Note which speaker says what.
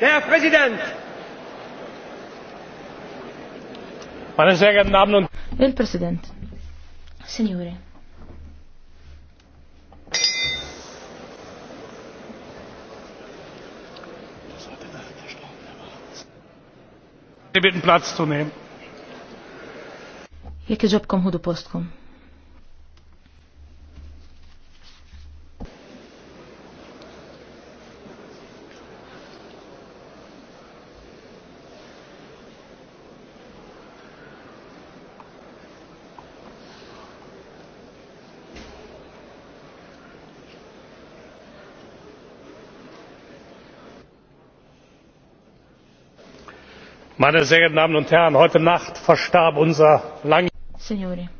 Speaker 1: Herr Präsident!
Speaker 2: Meine sehr geehrten Damen und Herr Präsident! Signore.
Speaker 3: Sie bitten Platz zu nehmen. Jekk iġobkom ħudu postkom.
Speaker 4: meine sehr geehrten damen und herren! heute nacht verstarb unser
Speaker 5: langjähriger